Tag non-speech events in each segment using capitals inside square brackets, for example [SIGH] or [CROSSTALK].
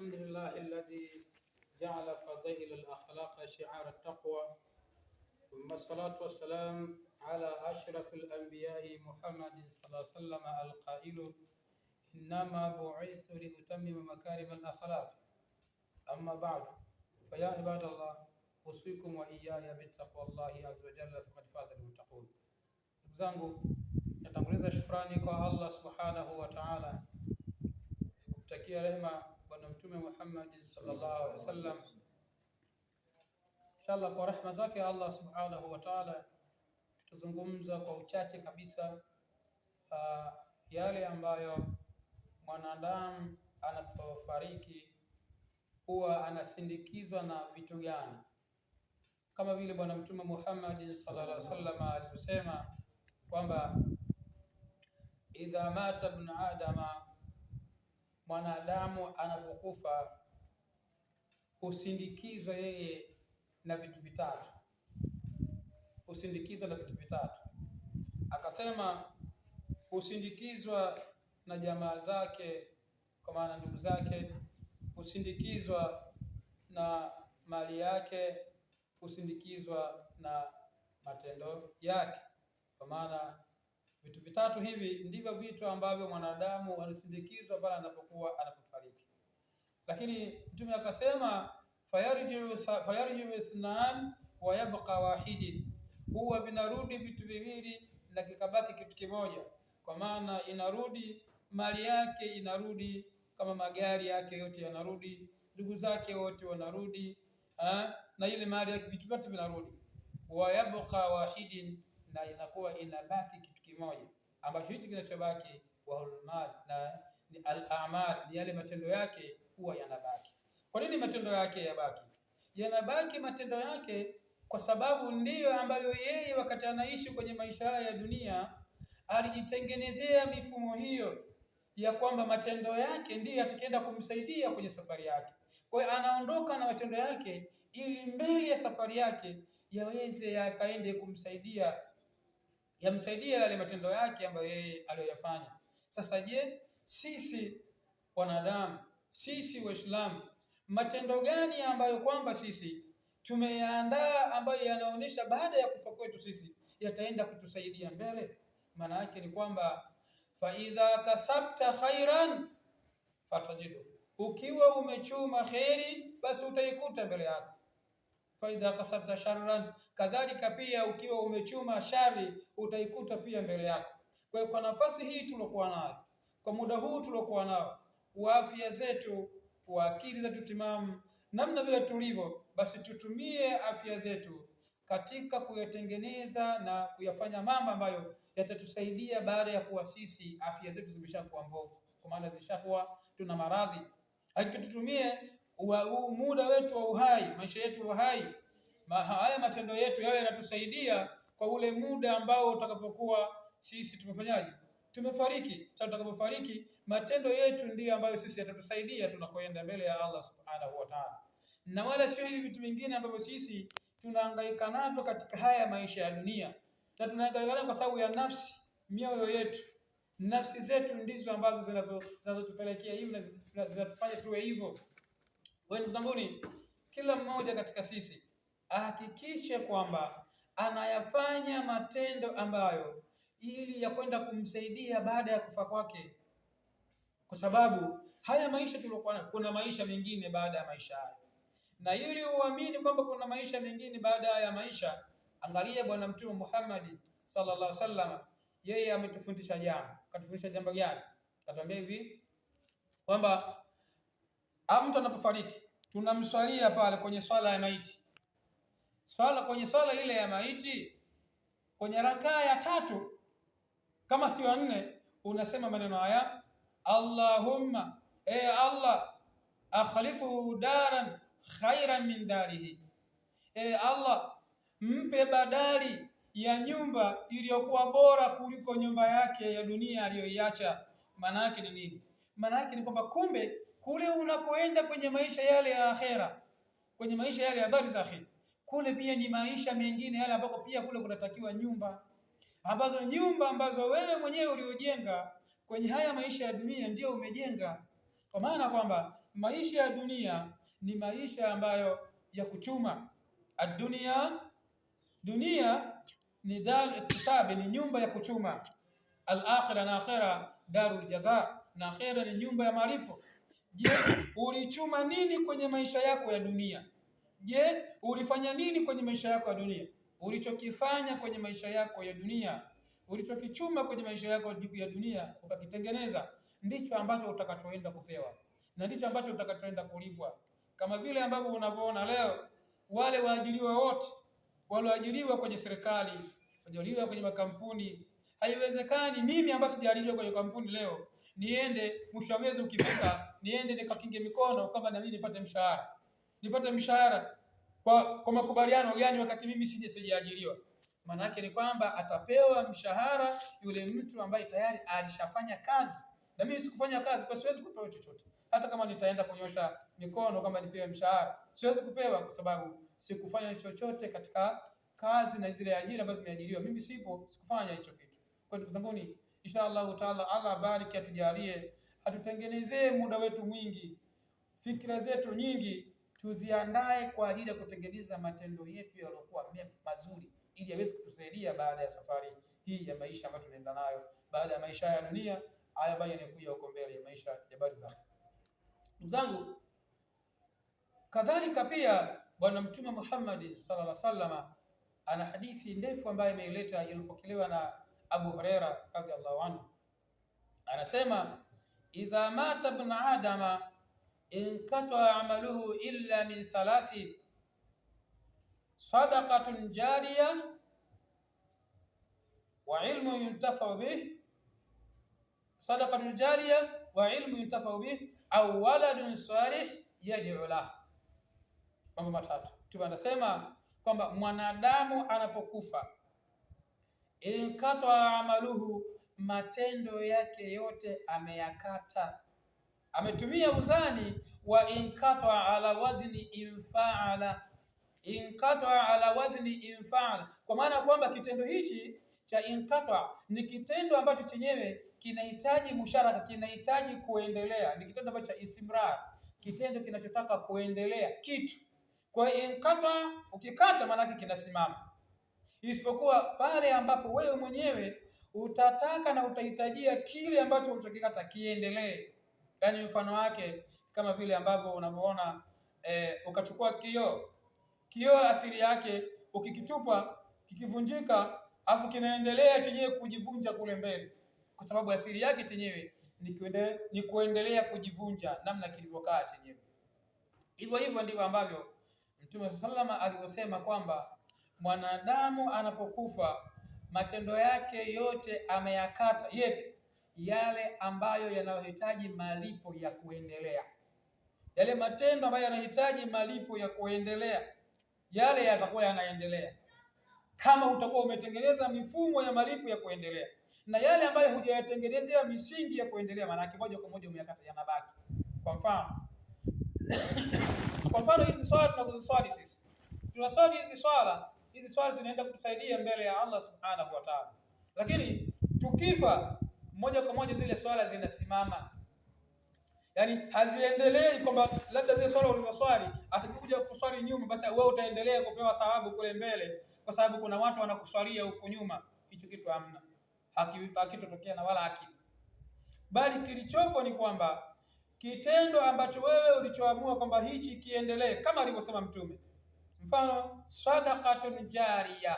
الحمد لله الذي جعل فضائل الأخلاق شعار التقوى ثم الصلاة والسلام على أشرف الأنبياء محمد صلى الله عليه وسلم القائل إنما بعثت لأتمم مكارم الأخلاق أما بعد فيا عباد الله أوصيكم وإياي بتقوى الله عز وجل فقد فاز المتقون زانغو zangu شكراني الله سبحانه وتعالى subhanahu wa na Mtume Muhammad sallallahu alaihi wasallam. Inshallah, kwa rahma zake Allah subhanahu wa ta'ala, tutazungumza kwa uchache kabisa uh, yale ambayo mwanadamu anapofariki huwa anasindikizwa na vitu gani, kama vile Bwana Mtume Muhammad sallallahu alaihi wasallam alisema kwamba idha mata ibn adama mwanadamu anapokufa husindikizwa yeye na vitu vitatu, husindikizwa na vitu vitatu. Akasema husindikizwa na jamaa zake, kwa maana ndugu zake, husindikizwa na mali yake, husindikizwa na matendo yake, kwa maana Vitu vitatu hivi ndivyo vitu ambavyo mwanadamu anasindikizwa pale anapokuwa anapofariki, lakini Mtume akasema fayarji ithnan wa yabqa wahidin, huwa vinarudi vitu viwili na kikabaki kitu kimoja, kwa maana inarudi mali yake, inarudi kama magari yake yote yanarudi, ndugu zake wote wanarudi na ile mali yake, vitu vyote vinarudi. Wa yabqa wahidin, na inakuwa inabaki kitu kimoja ambacho hichi kinachobaki hurumat na ni al-a'mal ni yale matendo yake huwa yanabaki. Kwa nini matendo yake yabaki? Yanabaki matendo yake kwa sababu ndiyo ambayo yeye wakati anaishi kwenye maisha haya ya dunia alijitengenezea mifumo hiyo ya kwamba matendo yake ndiyo yatakwenda kumsaidia kwenye safari yake. Kwa hiyo anaondoka na matendo yake ili mbele ya safari yake yaweze yakaende kumsaidia yamsaidia yale matendo yake ambayo yeye aliyoyafanya. Sasa je, sisi wanadamu, sisi Waislamu, matendo gani ambayo kwamba sisi tumeyaandaa ambayo yanaonyesha baada ya kufa kwetu sisi yataenda kutusaidia mbele? Maana yake ni kwamba fa idha kasabta khairan fatajidu, ukiwa umechuma kheri basi utaikuta mbele yako faidha kasabta sharran, kadhalika pia ukiwa umechuma shari utaikuta pia mbele yako. Kwa kwa nafasi hii tuliokuwa nayo kwa muda huu tuliokuwa nao wa afya zetu wa akili zetu timamu, namna vile tulivyo, basi tutumie afya zetu katika kuyatengeneza na kuyafanya mambo ambayo yatatusaidia baada ya kuwa sisi afya zetu zimeshakuwa mbovu, kwa maana zishakuwa tuna maradhi, lakini tutumie huu muda wetu wa uhai, maisha yetu uhai, haya matendo yetu yawe yanatusaidia kwa ule muda ambao utakapokuwa sisi tumefanyaje, tumefariki. Sasa tutakapofariki, matendo yetu ndiyo ambayo sisi yatatusaidia tunakoenda mbele ya Allah subhanahu wa ta'ala, na wala sio hivi vitu vingine ambavyo sisi tunahangaika navyo katika haya maisha ya dunia, na tunahangaika kwa sababu ya nafsi, mioyo yetu, nafsi zetu ndizo ambazo zinazotupelekea hivi na zinatufanya tuwe hivyo. Wewe ndugu kila mmoja katika sisi ahakikishe kwamba anayafanya matendo ambayo ili ya kwenda kumsaidia baada ya kufa kwake, kwa sababu haya maisha tuliokuwa, kuna maisha mengine baada ya maisha haya, na ili uamini kwamba kuna maisha mengine baada ya maisha. Angalia Bwana Mtume Muhammad sallallahu alaihi wasallam, yeye ametufundisha jambo. Katufundisha jambo gani? Katuambia hivi kwamba au mtu anapofariki tunamswalia pale kwenye swala ya maiti, swala kwenye swala ile ya maiti kwenye rakaa ya tatu kama wa nne, unasema maneno haya Allahumma, e Allah, akhlifuhu daran khairan min darihi, e Allah, mpe badali ya nyumba iliyokuwa bora kuliko nyumba yake ya dunia aliyoiacha. Maana yake ni nini? Maana yake ni kwamba kumbe kule unakoenda kwenye maisha yale ya akhera, kwenye maisha yale ya habari za akhera, kule pia ni maisha mengine yale ambako pia kule kunatakiwa nyumba ambazo nyumba ambazo wewe mwenyewe uliojenga kwenye haya maisha ya dunia ndiyo umejenga, kwa maana kwamba maisha ya dunia ni maisha ambayo ya kuchuma. Adunia, dunia ni daru iktisabi, ni nyumba ya kuchuma. al Alakhira, na akhira darul jaza, na akhira ni nyumba ya malipo. Je, ulichuma nini kwenye maisha yako ya dunia? Je, ulifanya nini kwenye maisha yako ya dunia? Ulichokifanya kwenye maisha yako ya dunia, ulichokichuma kwenye maisha yako ya dunia ukakitengeneza, ndicho ambacho utakachoenda kupewa na ndicho ambacho utakachoenda kulipwa, kama vile ambavyo unavyoona leo wale waajiriwa wote walioajiriwa kwenye serikali, walioajiriwa kwenye makampuni. Haiwezekani mimi ambaye sijaajiriwa kwenye kampuni leo niende mwisho wa mwezi ukifika niende nikakinge mikono kwamba na mimi nipate mshahara. Nipate mshahara kwa, kwa makubaliano gani? Wakati mimi sije sijaajiriwa. Maana yake ni kwamba atapewa mshahara yule mtu ambaye tayari alishafanya kazi, na mimi sikufanya kazi kwa siwezi kupewa chochote. Hata kama nitaenda kunyosha mikono kama nipewe mshahara, siwezi kupewa kwa sababu sikufanya chochote katika kazi na zile ajira ambazo zimeajiriwa, mimi sipo, sikufanya hicho kitu. Kwa hiyo ndugu zangu, taala, Allah bariki atujalie atutengenezee muda wetu mwingi, fikira zetu nyingi tuziandae kwa ajili ya kutengeneza matendo yetu yaliyokuwa mazuri, ili yaweze kutusaidia baada ya safari hii ya maisha ambayo tunaenda nayo, baada ya maisha ya dunia haya ambayo yanakuja huko mbele, ya maisha ya barzakh. Ndugu zangu, kadhalika pia Bwana Mtume Muhammad sallallahu alaihi wasallam ana hadithi ndefu ambayo imeileta iliyopokelewa na Abu Huraira radhiallahu anhu, anasema idha mata ibn adama inkatwa amaluhu illa min thalathi sadaqatun jariya wa ilmu yuntafau bih sadaqatun jariya wa ilmu yuntafau bih au waladun salih yad'u lah. Mambo matatu tuba anasema kwamba mwanadamu anapokufa inkatwa amaluhu matendo yake yote ameyakata. Ametumia uzani wa inkata ala wazni infaala, inkata ala wazni infaala, kwa maana kwamba kitendo hichi cha inkata ni kitendo ambacho chenyewe kinahitaji musharaka, kinahitaji kuendelea, ni kitendo ambacho cha istimrar, kitendo kinachotaka kuendelea kitu. Kwa hiyo inkata, ukikata yake kinasimama, isipokuwa pale ambapo wewe mwenyewe utataka na utahitajia kile ambacho ulichokikata kiendelee. Yaani mfano wake kama vile ambavyo unavyoona e, ukachukua kioo. Kioo asili yake ukikitupa kikivunjika, afu kinaendelea chenyewe kujivunja kule mbele, kwa sababu asili yake chenyewe ni kuendelea kujivunja namna kilivyokaa chenyewe. Hivyo hivyo ndivyo ambavyo Mtume sallama alivyosema kwamba mwanadamu anapokufa matendo yake yote ameyakata, yepi? Yale ambayo yanayohitaji malipo ya kuendelea, yale matendo ambayo yanahitaji malipo ya kuendelea, yale yatakuwa yanaendelea kama utakuwa umetengeneza mifumo ya malipo ya kuendelea, na yale ambayo hujayatengenezea misingi ya kuendelea, maanake moja kwa moja umeyakata, yanabaki. Kwa mfano [COUGHS] kwa mfano hizi swala tunazoziswali sisi tunaswali hizi swala hizi swali zinaenda kutusaidia mbele ya Allah subhanahu wa ta'ala. Lakini tukifa moja kwa moja zile swala zinasimama, yani haziendelei kwamba labda zile swala ulizoswali atakuja kuswali nyuma, basi wewe utaendelea kupewa thawabu kule mbele, kwa sababu kuna watu wanakuswalia huko nyuma. Hicho kitu hamna, hakitotokea na wala haki, bali kilichopo ni kwamba kitendo ambacho wewe ulichoamua kwamba hichi kiendelee, kama alivyosema Mtume Mfano, sadaqatun jariya,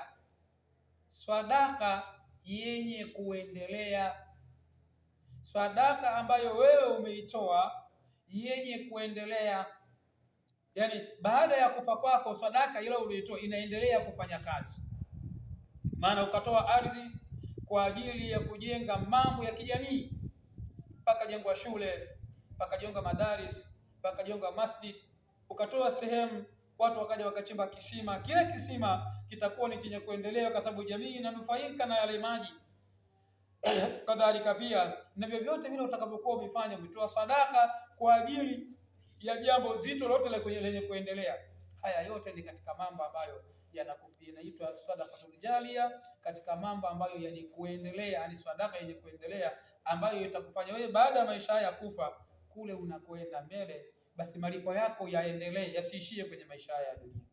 sadaka yenye kuendelea, sadaka ambayo wewe umeitoa yenye kuendelea. Yani baada ya kufa kwako, sadaka ile uliyoitoa inaendelea kufanya kazi. Maana ukatoa ardhi kwa ajili ya kujenga mambo ya kijamii, mpaka jengwa shule, mpaka jengwa madaris, mpaka jengwa masjid, ukatoa sehemu watu wakaja wakachimba kisima. Kile kisima kitakuwa ni chenye kuendelea, kwa sababu jamii inanufaika na yale maji. [COUGHS] Kadhalika pia na vyovyote vile utakavyokuwa umefanya, umetoa sadaka kwa ajili ya jambo zito lolote lenye kuendelea. Haya yote ni katika mambo ambayo yanaitwa sadaka tulijalia, katika mambo ambayo yani kuendelea, yani sadaka yenye kuendelea ambayo itakufanya wewe baada ya maisha haya kufa kule unakoenda mbele basi malipo yako yaendelee, yasiishie kwenye maisha ya dunia.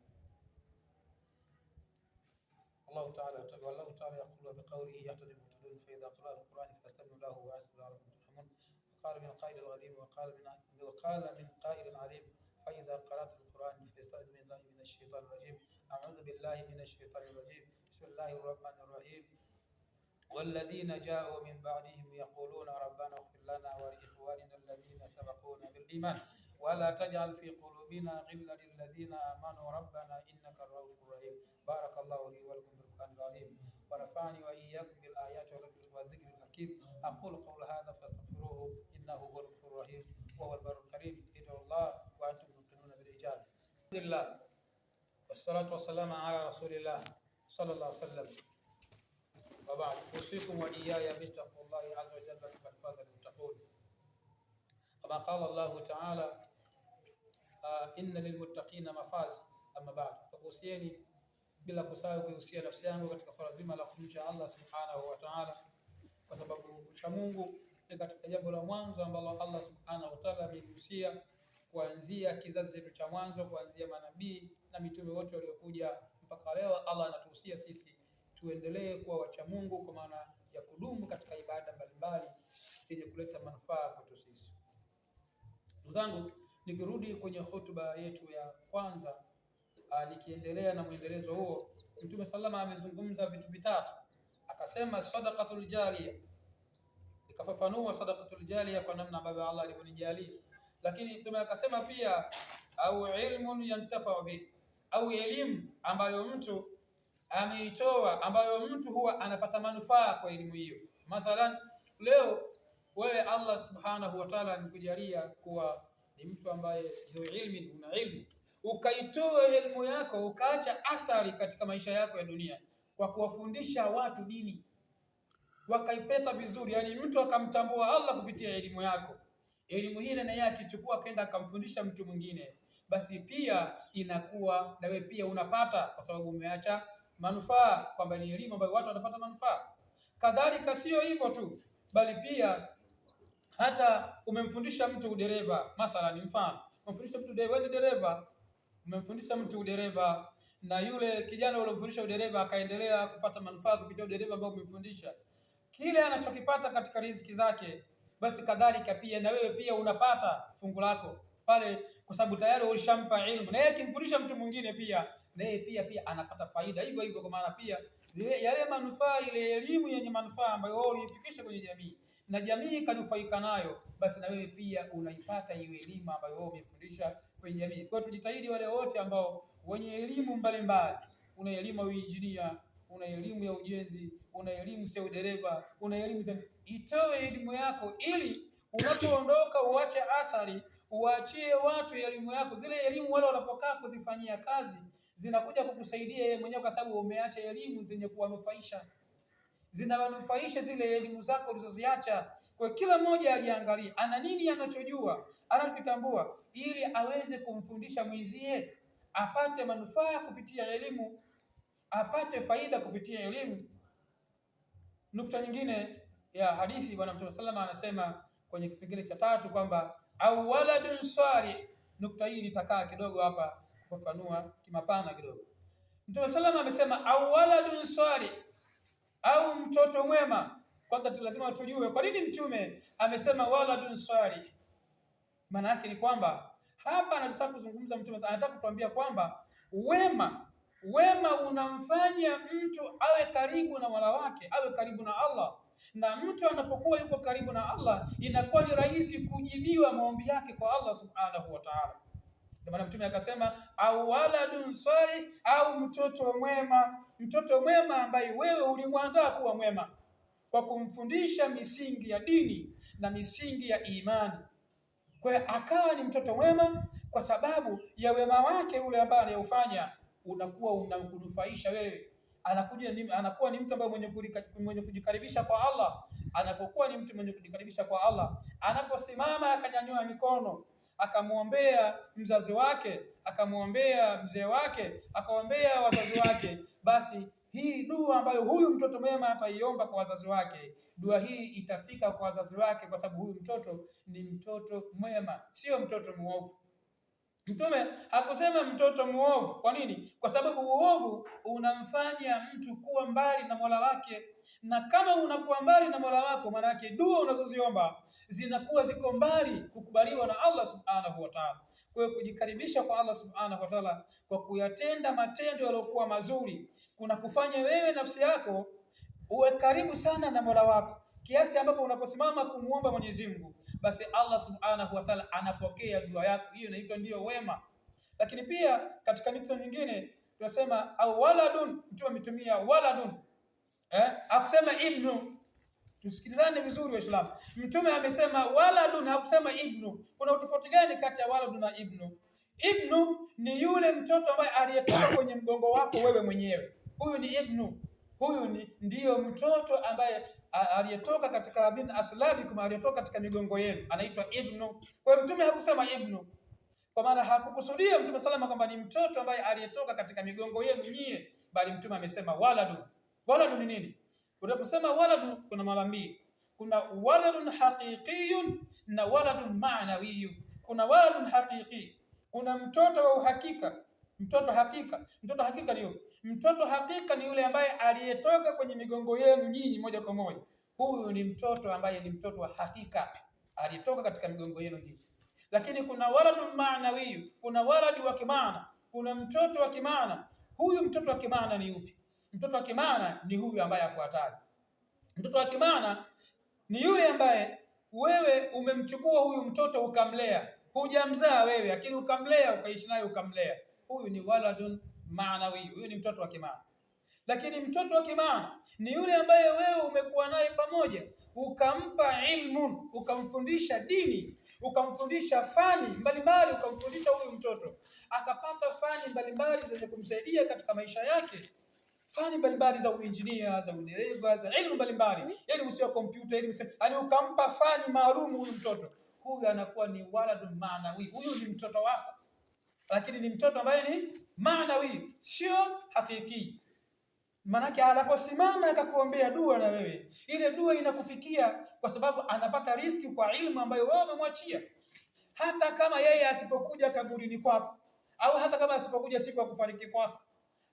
Allah ta'ala Allah ta'ala yaqulu bi qawlihi yahtadi mutadun fa idha qara'a al-Qur'an fastami'u lahu wa aslimu rahmun qala min qa'il al-ghalim wa qala min qala min qa'il alim fa idha qara'at al-Qur'an fasta'id min Allah min ash-shaytan ar rajim a'udhu billahi min ash-shaytan ar rajim bismillahir rahmanir rahim والذين جاءوا من بعدهم يقولون ربنا اغفر لنا ولإخواننا الذين سبقونا بالإيمان ولا تجعل في قلوبنا غلا للذين آمنوا ربنا إنك الرؤوف الرحيم بارك الله لي ولكم في القرآن العظيم ونفعني وإياكم بالآيات والذكر الحكيم أقول قول هذا فاستغفروه إنه هو الغفور الرحيم وهو البر الكريم ادعوا الله وأنتم موقنون بالإجابة الحمد لله والصلاة والسلام على رسول الله صلى الله عليه وسلم وبعد أوصيكم وإياي بتقوى الله عز وجل فقد فاز المتقون كما قال الله تعالى uh, inna lilmuttaqina mafazi amma ba'd. Kuhusieni bila kusahau kuhusia nafsi yangu katika swala zima la kumcha Allah subhanahu wa ta'ala, kwa sababu cha Mungu ni katika jambo la mwanzo ambalo Allah subhanahu wa ta'ala amehusia kuanzia kizazi chetu cha mwanzo, kuanzia manabii na mitume wote waliokuja mpaka leo. Allah anatuhusia sisi tuendelee kuwa wacha Mungu kwa maana ya kudumu katika ibada mbalimbali zenye kuleta manufaa kwetu sisi. Ndugu zangu Nikirudi kwenye hotuba yetu ya kwanza, ah, nikiendelea na mwendelezo huo, Mtume sallama amezungumza vitu vitatu, akasema sadaqatul jariya, ikafafanua sadaqatul jariya kwa namna ambavyo Allah alivyonijalia, lakini Mtume akasema pia au ilmun yantafau bi, au elimu ambayo mtu ameitoa, ambayo mtu huwa anapata manufaa kwa elimu hiyo. Mathalan, leo wewe Allah subhanahu wa ta'ala amekujalia kuwa ni mtu ambaye dhu ilmi una ilmu, ukaitoa elimu yako ukaacha athari katika maisha yako ya dunia kwa kuwafundisha watu dini wakaipeta vizuri, yani mtu akamtambua Allah kupitia elimu yako. Elimu hii naye akichukua kenda akamfundisha mtu mwingine, basi pia inakuwa na wewe pia unapata, kwa sababu umeacha manufaa, kwamba ni elimu ambayo watu wanapata manufaa. Kadhalika sio hivyo tu, bali pia hata umemfundisha mtu udereva, mathalan, mfano umemfundisha mtu wewe ni dereva, umemfundisha mtu udereva na yule kijana uliomfundisha udereva akaendelea kupata manufaa kupitia udereva ambao umemfundisha, kile anachokipata katika riziki zake, basi kadhalika pia na wewe pia unapata fungu lako pale, kwa sababu tayari ulishampa ilmu, na yeye akimfundisha mtu mwingine pia na yeye pia pia anapata faida hivyo hivyo, kwa maana pia zile yale manufaa, ile elimu yenye manufaa ambayo wewe uliifikisha kwenye jamii na jamii ikanufaika nayo, basi na wewe pia unaipata hiyo elimu ambayo wewe umefundisha kwenye jamii. Kwa hiyo tujitahidi, wale wote ambao wenye elimu mbalimbali, una elimu ya uinjinia, una elimu ya ujenzi, una elimu ya udereva, una elimu za, itoe elimu yako ili unapoondoka uache athari, uachie watu elimu yako. Zile elimu wale wanapokaa kuzifanyia kazi zinakuja kukusaidia yeye mwenyewe, kwa sababu umeacha elimu zenye kuwanufaisha zinawanufaisha zile elimu zako ulizoziacha. Kwa kila mmoja ajiangalie, ana nini anachojua anakitambua, ili aweze kumfundisha mwenzie, apate manufaa kupitia elimu, apate faida kupitia elimu. Nukta nyingine ya hadithi, Bwana Mtume salama anasema kwenye kipengele cha tatu kwamba au waladun salih. Nukta hii nitakaa kidogo hapa kufafanua kimapana kidogo. Mtume salama amesema au waladun salih au mtoto mwema. Kwanza lazima tujue kwa nini Mtume amesema waladun swali. Maana yake ni kwamba hapa anataka kuzungumza Mtume, anataka kutuambia kwamba wema wema unamfanya mtu awe karibu na Mola wake, awe karibu na Allah, na mtu anapokuwa yuko karibu na Allah inakuwa ni rahisi kujibiwa maombi yake kwa Allah subhanahu wa ta'ala. Ndio maana Mtume akasema au waladun salih, au mtoto mwema, mtoto mwema ambaye wewe ulimwandaa kuwa mwema kwa kumfundisha misingi ya dini na misingi ya imani. Kwa hiyo akawa ni mtoto mwema kwa sababu ya wema wake ule ambao anayofanya unakuwa unakunufaisha wewe. Anakuja ni, anakuwa ni mtu ambaye mwenye, mwenye kujikaribisha kwa Allah. Anapokuwa ni mtu mwenye kujikaribisha kwa Allah, anaposimama akanyanyua mikono akamwombea mzazi wake, akamwombea mzee wake, akaombea wazazi wake, basi hii dua ambayo huyu mtoto mwema ataiomba kwa wazazi wake, dua hii itafika kwa wazazi wake, kwa sababu huyu mtoto ni mtoto mwema, sio mtoto mwovu. Mtume hakusema mtoto muovu. Kwa nini? Kwa sababu uovu unamfanya mtu kuwa mbali na Mola wake, na kama unakuwa mbali na Mola wako, maana yake dua unazoziomba zinakuwa ziko mbali kukubaliwa na Allah subhanahu wa taala. Kwa hiyo kujikaribisha kwa Allah subhanahu wa taala kwa kuyatenda matendo yaliyokuwa mazuri kuna kufanya wewe nafsi yako uwe karibu sana na Mola wako kiasi ambapo unaposimama kumuomba Mwenyezi Mungu basi Allah subhanahu wa ta'ala anapokea dua yako. Hiyo inaitwa ndiyo wema. Lakini pia katika nukta nyingine tunasema au waladun, mtume ametumia waladun eh, akusema ibnu. Tusikilizane vizuri Waislamu, mtume amesema waladun, hakusema ibnu. Kuna utofauti gani kati ya waladun na ibnu? Ibnu ni yule mtoto ambaye aliyetoka kwenye mgongo wako wewe mwenyewe, huyu ni ibnu huyu ni ndiyo mtoto ambaye aliyetoka katika min aslabikum, aliyetoka katika migongo yenu, anaitwa ibnu. Kwa hiyo mtume hakusema ibnu, kwa maana hakukusudia mtume salama kwamba ni mtoto ambaye aliyetoka katika migongo yenu nyie, bali mtume amesema waladu. Waladu ni nini? Unaposema waladu kuna mara mbili, kuna waladun haqiqiyun na waladun ma'nawiyun. Kuna waladun haqiqi, kuna mtoto wa uhakika, mtoto hakika, mtoto hakika ndio Mtoto hakika ni yule ambaye aliyetoka kwenye migongo yenu nyinyi moja kwa moja. Huyu ni mtoto ambaye ni mtoto wa hakika aliyetoka katika migongo yenu nyinyi. Lakini kuna waladul maanawi, kuna waladi wa kimaana, kuna mtoto wa kimaana. Huyu mtoto wa kimaana ni yupi? Mtoto wa kimaana ni huyu ambaye afuatayo. Mtoto wa kimaana ni yule ambaye wewe umemchukua huyu mtoto ukamlea, hujamzaa wewe, lakini ukamlea, ukaishi naye, ukamlea. Huyu ni waladun maanawi, huyu ni mtoto wa kimaana. Lakini mtoto wa kimaana ni yule ambaye wewe umekuwa naye pamoja, ukampa ilmu, ukamfundisha dini, ukamfundisha fani mbalimbali, ukamfundisha huyu mtoto akapata fani mbalimbali zenye kumsaidia katika maisha yake fani mbalimbali za uinjinia za udereva za elimu mbalimbali, elimu yaani sio kompyuta, elimu yaani sio yani, ukampa fani maalum huyu mtoto, huyu anakuwa ni waladun maanawi, huyu ni mtoto wako, lakini ni mtoto ambaye ni maanawi, sio hakiki. manake anaposimama akakuombea dua na wewe, ile dua inakufikia kwa sababu anapata riski kwa ilmu ambayo wewe umemwachia. Hata kama yeye asipokuja kaburini kwako, au hata kama asipokuja siku ya kufariki kwako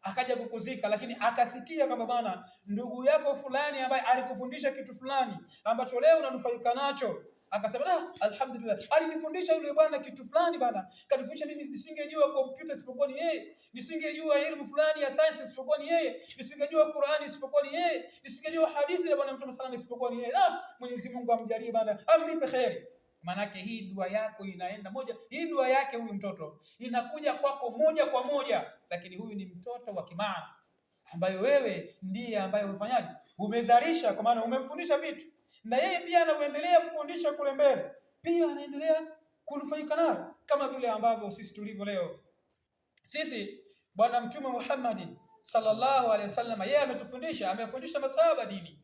akaja kukuzika, lakini akasikia kwamba bwana, ndugu yako fulani ambaye alikufundisha kitu fulani ambacho leo unanufaika nacho Akasema nah, alhamdulillah, alinifundisha yule bwana kitu fulani bana, kanifundisha mimi nisingejua kompyuta isipokuwa ni yeye, nisingejua elimu fulani ya science isipokuwa ni yeye, nisingejua Qur'ani isipokuwa ni yeye, nisingejua hadithi ya bwana mtume sana isipokuwa ni yeye. Ah, Mwenyezi Mungu amjalie bana, amlipe kheri. Manake hii dua yako inaenda moja, hii dua yake huyu mtoto inakuja kwako moja kwa moja, lakini huyu ni mtoto wa kimaana ambayo wewe ndiye ambaye umefanyaje, umezalisha, kwa maana umemfundisha vitu na yeye pia anavyoendelea kufundisha kule mbele, pia anaendelea kunufaika nayo kama vile ambavyo sisi tulivyo leo. Sisi Bwana Mtume Muhammad sallallahu alaihi wasallam, yeye ametufundisha, amefundisha masahaba dini.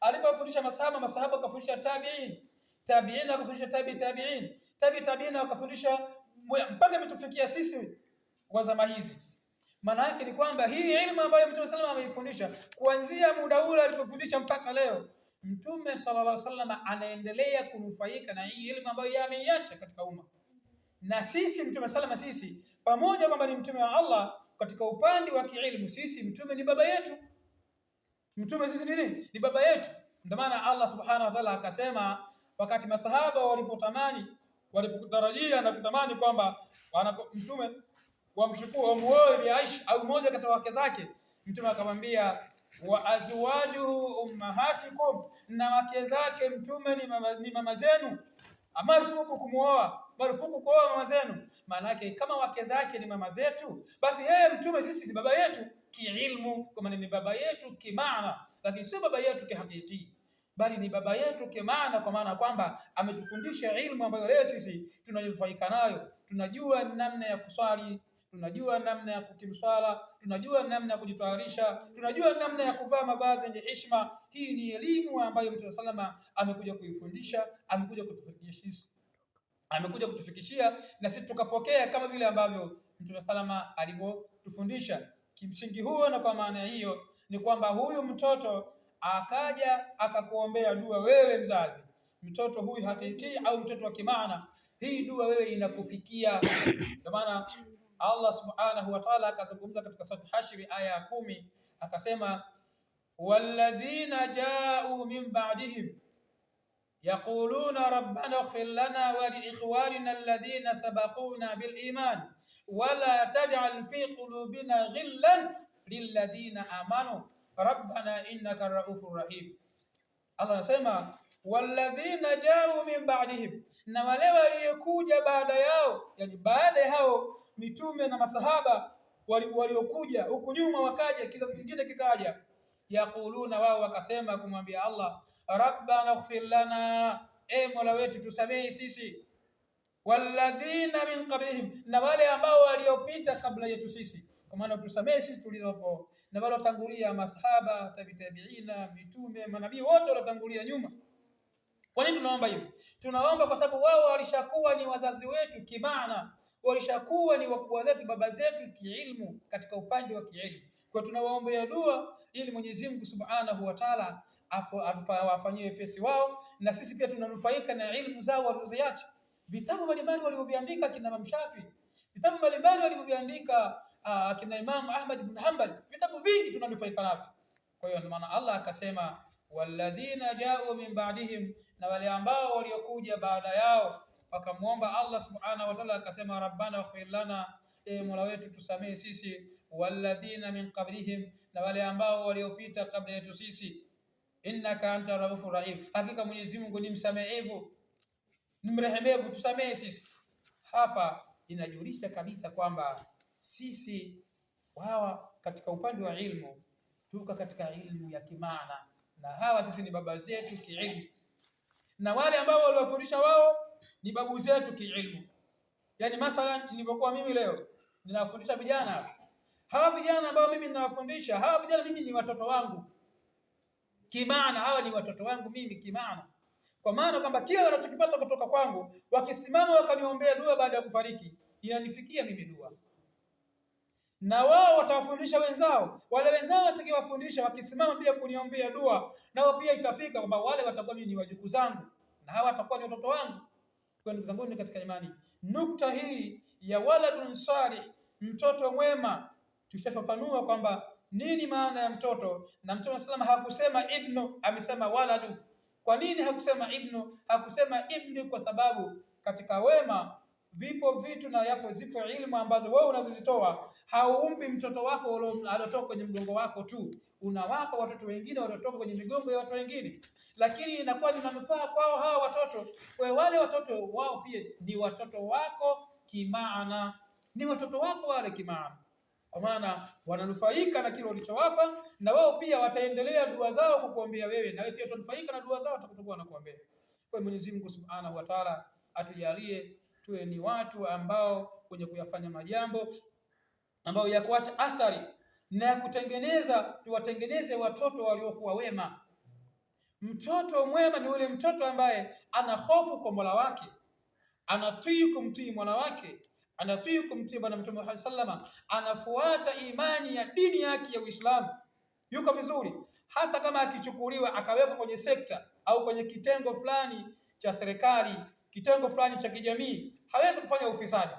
Alipofundisha masahaba, masahaba wakafundisha tabiin, tabiin akafundisha tabi tabiin, tabi tabiin akafundisha mpaka imetufikia sisi wa zama hizi. Maana yake ni kwamba hii elimu ambayo Mtume sallallahu alaihi wasallam ameifundisha kuanzia muda ule alipofundisha mpaka leo Mtume sallallahu alaihi wasallam anaendelea kunufaika na hii elimu ambayo yeye ameiacha katika umma, na sisi mtume salama, sisi pamoja kwamba ni mtume wa Allah katika upande wa kielimu, sisi mtume ni baba yetu. Mtume sisi nini? Ni baba yetu. Ndio maana Allah subhanahu wa ta'ala akasema, wakati masahaba walipotamani, walipotarajia na kutamani kwamba mtume wamchukua wamuoe Bi Aisha au mmoja kati wake zake, mtume akamwambia wa azwajuhu ummahatikum, na wake zake mtume ni mama, ni mama zenu. Marufuku kumwoa, marufuku kuoa mama zenu. yake kama wake zake ni mama zetu, basi yeye mtume sisi ni baba yetu kiilmu, kwa maana ni baba yetu kimaana, lakini sio baba yetu kihakiki bali ni baba yetu kimaana, kwa maana kwamba ametufundisha ilmu ambayo leo sisi tunanufaika nayo, tunajua namna ya kuswali tunajua namna ya kukimswala, tunajua namna ya kujitayarisha, tunajua namna ya kuvaa mavazi yenye heshima. Hii ni elimu ambayo Mtume salama amekuja kuifundisha, amekuja kutufikishia, amekuja kutufikishia na sisi tukapokea kama vile ambavyo Mtume salama alivyotufundisha. Kimsingi huo, na kwa maana hiyo ni kwamba huyu mtoto akaja akakuombea dua, wewe mzazi, mtoto huyu hakiki au mtoto wa kimaana, hii dua wewe inakufikia. Kwa maana Allah subhanahu wa ta'ala akazungumza katika sura Hashri aya ya kumi akasema, walladhina jau min ba'dihim yaquluna rabbana ighfir lana wa li ikhwanina alladhina sabaquna bil iman wala taj'al fi qulubina ghillan lilladhina amanu rabbana innaka raufur rahim. Allah anasema walladhina jau min ba'dihim, na wale waliokuja baada yao, yani baada hao mitume na masahaba waliokuja huku nyuma, wakaja kizazi kingine kikaja, yaquluna, wao wakasema kumwambia Allah, rabbana ighfir lana, e mola wetu tusamehe sisi, walladhina min qablihim, na wale ambao waliopita kabla yetu sisi, kwa maana tusamehe sisi tulizopo na wale watangulia masahaba, tabiina, mitume, manabii wote waliotangulia nyuma. Kwa nini tunaomba hivi? Tunaomba kwa sababu wao walishakuwa ni wazazi wetu kimaana walishakuwa ni wakuu zetu, baba zetu kiilmu, katika upande wa kiilmu. Kwa tunawaombea dua ili Mwenyezi Mungu Subhanahu wa Ta'ala awafanyie pesi wao, na sisi pia tunanufaika na ilmu zao walizoziacha. Vitabu mbalimbali walivyoviandika kina Imam Shafi, vitabu mbalimbali walivyoviandika uh, kina Imam Ahmad ibn Hanbal, vitabu vingi tunanufaika navyo. Kwa hiyo maana Allah akasema, walladhina ja'u min ba'dihim, na wale ambao waliokuja baada yao wakamwomba Allah subhanahu wa ta'ala, akasema rabbana ighfir lana, e mola wetu tusamehe sisi, walladhina min qablihim, na wale ambao waliopita kabla yetu sisi, innaka anta raufur rahim, hakika Mwenyezi Mungu ni msamehevu ni mrehemevu, tusamehe sisi. Hapa inajulisha kabisa kwamba sisi hawa katika upande wa ilmu tuko katika ilmu ya kimaana, na hawa sisi ni baba zetu kiilmu, na wale ambao waliwafundisha wao ni babu zetu kiilmu. Yani mathalan, nilipokuwa mimi leo ninawafundisha vijana hawa, vijana ambao mimi ninawafundisha hawa vijana, mimi ni watoto wangu kimaana, hawa ni watoto wangu mimi kimaana, kwa maana kwamba kila wanachokipata kutoka kwangu, wakisimama wakaniombea dua baada ya kufariki, inanifikia mimi dua na wao watawafundisha wenzao, wale wenzao watakiwafundisha wakisimama pia kuniombea dua, nao pia itafika kwamba wale watakuwa mimi ni wajukuu zangu na hawa watakuwa ni watoto wangu. Kwa ndugu katika imani, nukta hii ya waladun salih, mtoto mwema, tushafafanua kwamba nini maana ya mtoto, na Mtume salam hakusema ibnu, amesema waladu. Kwa nini hakusema ibnu? Hakusema ibnu kwa sababu katika wema vipo vitu na yapo zipo ilmu ambazo wewe unazozitoa. Hauumbi mtoto wako aliotoka kwenye mgongo wako tu, unawapa watoto wengine waliotoka kwenye migongo ya watu wengine lakini inakuwa ni manufaa kwao hawa watoto. Kwa wale watoto wao pia ni watoto wako kimaana, ni watoto wako wale kimaana, kwa maana wananufaika na kile ulichowapa, na wao pia wataendelea dua zao kukuombea wewe, na wewe pia utanufaika na dua zao watakapokuwa wanakuombea. Kwa hiyo Mwenyezi Mungu Subhanahu wa Ta'ala atujalie tuwe ni watu ambao wenye kuyafanya majambo ambayo ya kuacha athari na ya kutengeneza, tuwatengeneze watoto waliokuwa wema Mtoto mwema ni yule mtoto ambaye ana hofu kwa Mola wake, anatii kumtii mwana wake, anatii kumtii Bwana Mtume Muhammad sallama, anafuata imani ya dini yake ya Uislamu, yuko vizuri. Hata kama akichukuliwa akawekwa kwenye sekta au kwenye kitengo fulani cha serikali, kitengo fulani cha kijamii, hawezi kufanya ufisadi.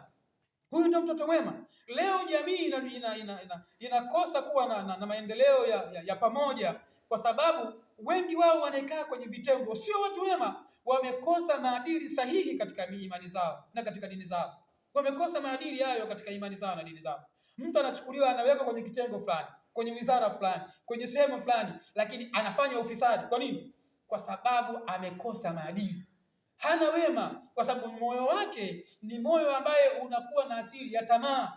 Huyu ndio mtoto mwema. Leo jamii inakosa ina, ina, ina kuwa na, na, na maendeleo ya, ya, ya pamoja kwa sababu wengi wao wanaekaa kwenye vitengo, sio watu wema, wamekosa maadili sahihi katika imani zao na katika dini zao, wamekosa maadili hayo katika imani zao na dini zao. Mtu anachukuliwa anawekwa kwenye kitengo fulani, kwenye wizara fulani, kwenye sehemu fulani, lakini anafanya ufisadi. Kwa nini? Kwa sababu amekosa maadili, hana wema, kwa sababu moyo wake ni moyo ambaye unakuwa na asili ya tamaa,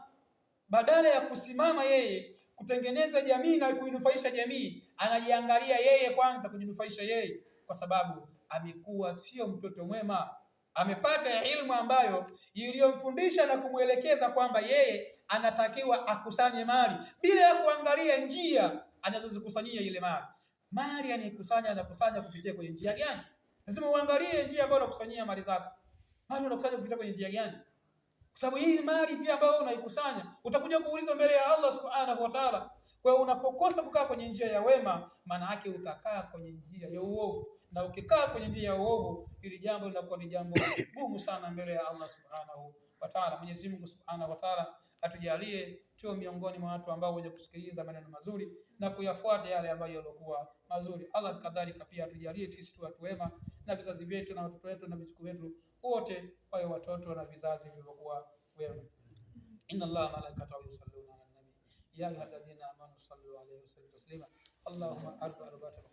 badala ya kusimama yeye kutengeneza jamii na kuinufaisha jamii, anajiangalia yeye kwanza kujinufaisha yeye, kwa sababu amekuwa sio mtoto mwema. Amepata elimu ambayo iliyomfundisha na kumwelekeza kwamba yeye anatakiwa akusanye mali bila ya kuangalia njia anazozikusanyia ile mali. Mali anayekusanya anakusanya kupitia kwenye njia gani? Lazima uangalie njia ambayo unakusanyia mali zako. Mali unakusanya kupitia kwenye njia gani? kwa sababu hii mali pia ambayo unaikusanya utakuja kuulizwa mbele ya Allah subhanahu wa ta'ala. Kwa hiyo unapokosa kukaa kwenye njia ya wema, maana yake utakaa kwenye njia ya uovu, na ukikaa kwenye njia ya uovu, ili jambo linakuwa ni jambo gumu sana mbele ya Allah subhanahu wa ta'ala. Mwenyezi Mungu subhanahu wa ta'ala atujalie tuwe miongoni mwa watu ambao wenye kusikiliza maneno mazuri na kuyafuata yale ambayo yaliokuwa mazuri. Allah kadhalika pia atujalie sisi tu watu wema na vizazi vyetu na watoto wetu na vijukuu wetu wote wawe watoto na vizazi vilivyokuwa wema. inna Allah wa malaikatahu yusalluna ala nabi ya ayyuhalladhina amanu sallu alayhi wa sallimu taslima allahumma ardu arbatan